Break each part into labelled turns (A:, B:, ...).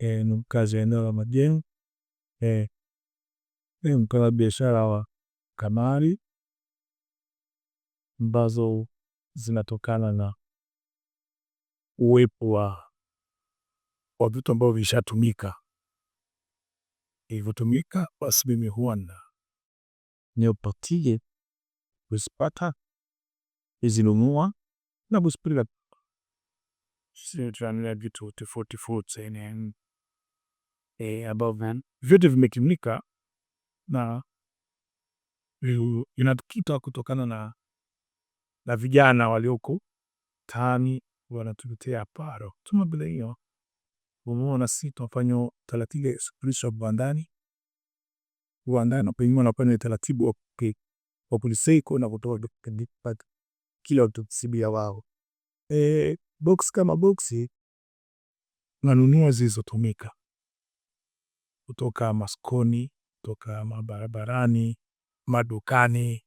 A: Eh, ni mkazi wa eneo la Majengo, eh, ni mfanyabiashara wa kamari ambazo zinatokana na uwepo wa vitu ambavyo vishatumika. Ilivyotumika basi mimi huwa na niupatie kuzipata izinunua na kuzipeleka vitu tofauti tofauti eh, above vyote vimetumika na inatukuta kutokana na na vijana walioko tani wanatuletea paro tuma bila hiyo umeona, si tunafanya taratibu ya Yesu Kristo bandani bandani, pengine wanafanya taratibu wa wa kuliseiko na kutoa katika kila utasibia wao eh box kama boxi nanunua zilizotumika kutoka maskoni kutoka mabarabarani, madukani,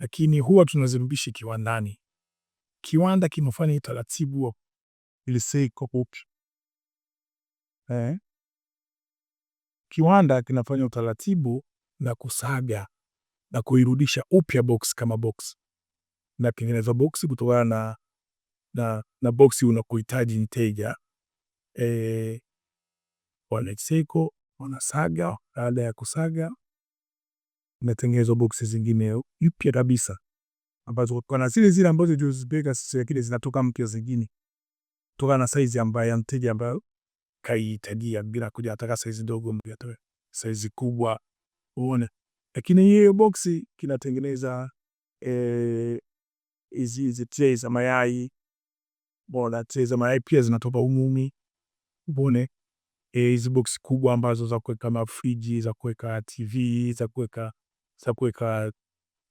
A: lakini huwa tunazirudisha kiwandani. Kiwanda kinafanya utaratibu wa eh, kiwanda kinafanya utaratibu na kusaga na kuirudisha upya box kama box, na tengeneza box kutokana na, na, na box unakuhitaji mteja eh, wanaiseko wanasaga. Baada ya kusaga, natengeneza boksi zingine mpya kabisa ambazo kwa na zile zile ambazo juu zipeka sisi, lakini zinatoka mpya zingine kutokana na saizi ambayo mteja ambayo kaihitajia, bila kuja ataka saizi ndogo mpya tu saizi kubwa uone. Lakini hiyo boksi kinatengeneza eh, hizi hizi tray za mayai bora, tray za mayai pia zinatoka umumi uone hizi box kubwa ambazo za kuweka mafriji, za kuweka TV, za kuweka za kuweka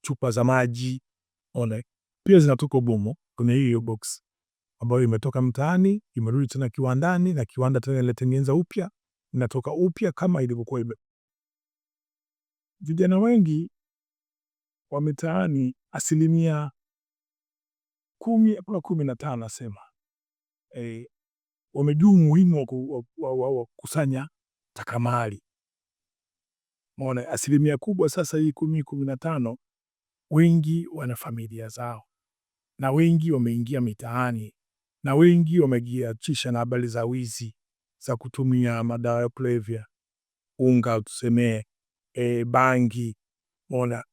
A: chupa za maji ona, pia zinatoka bomu kwenye hiyo box ambayo imetoka mtaani imerudi tena kiwandani, na kiwanda tena inatengeneza upya, inatoka upya kama ilivyokuwa ime. Vijana wengi wa mitaani asilimia kumi, kuna kumi na tano nasema e, wamejua umuhimu wa kukusanya mahali. Mona, asilimia kubwa sasa hii kumi kumi na tano, wengi wana familia zao na wengi wameingia mitaani na wengi wamejiachisha na habari za wizi za kutumia madawa ya kulevya, unga tusemee, e, eh, bangi. Mona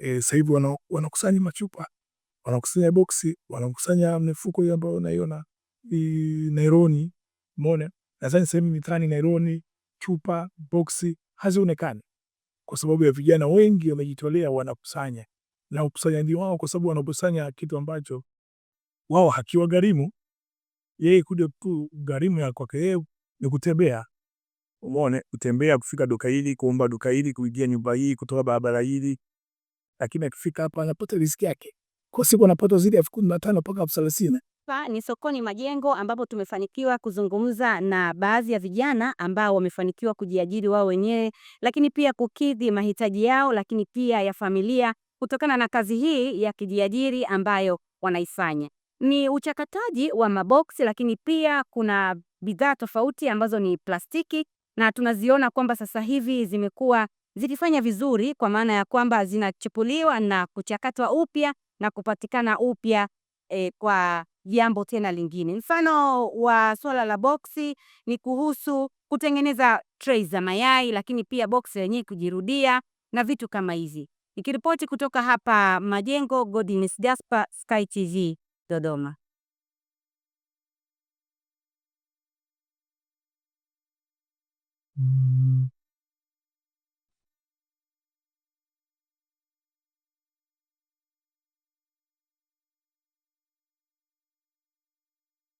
A: e, eh, sasa hivi wanakusanya machupa, wanakusanya boksi, wanakusanya mifuko hiyo ambayo unaiona Naironi, umeona nadhani sehemu mitaani Naironi, chupa, boksi hazionekani kwa sababu ya vijana wengi wamejitolea, wanakusanya na ukusanyaji wao, kwa sababu wanakusanya kitu ambacho wao hakiwa hakiwagharimu yeye, kuja tu gharimu ya kwake yeye ni kutembea, umeona, kutembea kufika duka hili, kuomba duka hili, kuingia nyumba hii, kutoka barabara hili, lakini akifika hapa anapata riziki yake kwa siku, anapata ya elfu kumi na tano mpaka elfu thelathini.
B: Hapa ni sokoni Majengo ambapo tumefanikiwa kuzungumza na baadhi ya vijana ambao wamefanikiwa kujiajiri wao wenyewe, lakini pia kukidhi mahitaji yao, lakini pia ya familia kutokana na kazi hii ya kijiajiri ambayo wanaifanya. Ni uchakataji wa maboksi, lakini pia kuna bidhaa tofauti ambazo ni plastiki na tunaziona kwamba sasa hivi zimekuwa zikifanya vizuri kwa maana ya kwamba zinachupuliwa na kuchakatwa upya na kupatikana upya E, kwa jambo tena lingine. Mfano wa swala la boksi ni kuhusu kutengeneza tray za mayai, lakini pia boksi lenyewe kujirudia na vitu kama hizi. Nikiripoti kutoka hapa Majengo, godiness Jasper, Sky TV Dodoma. Mm.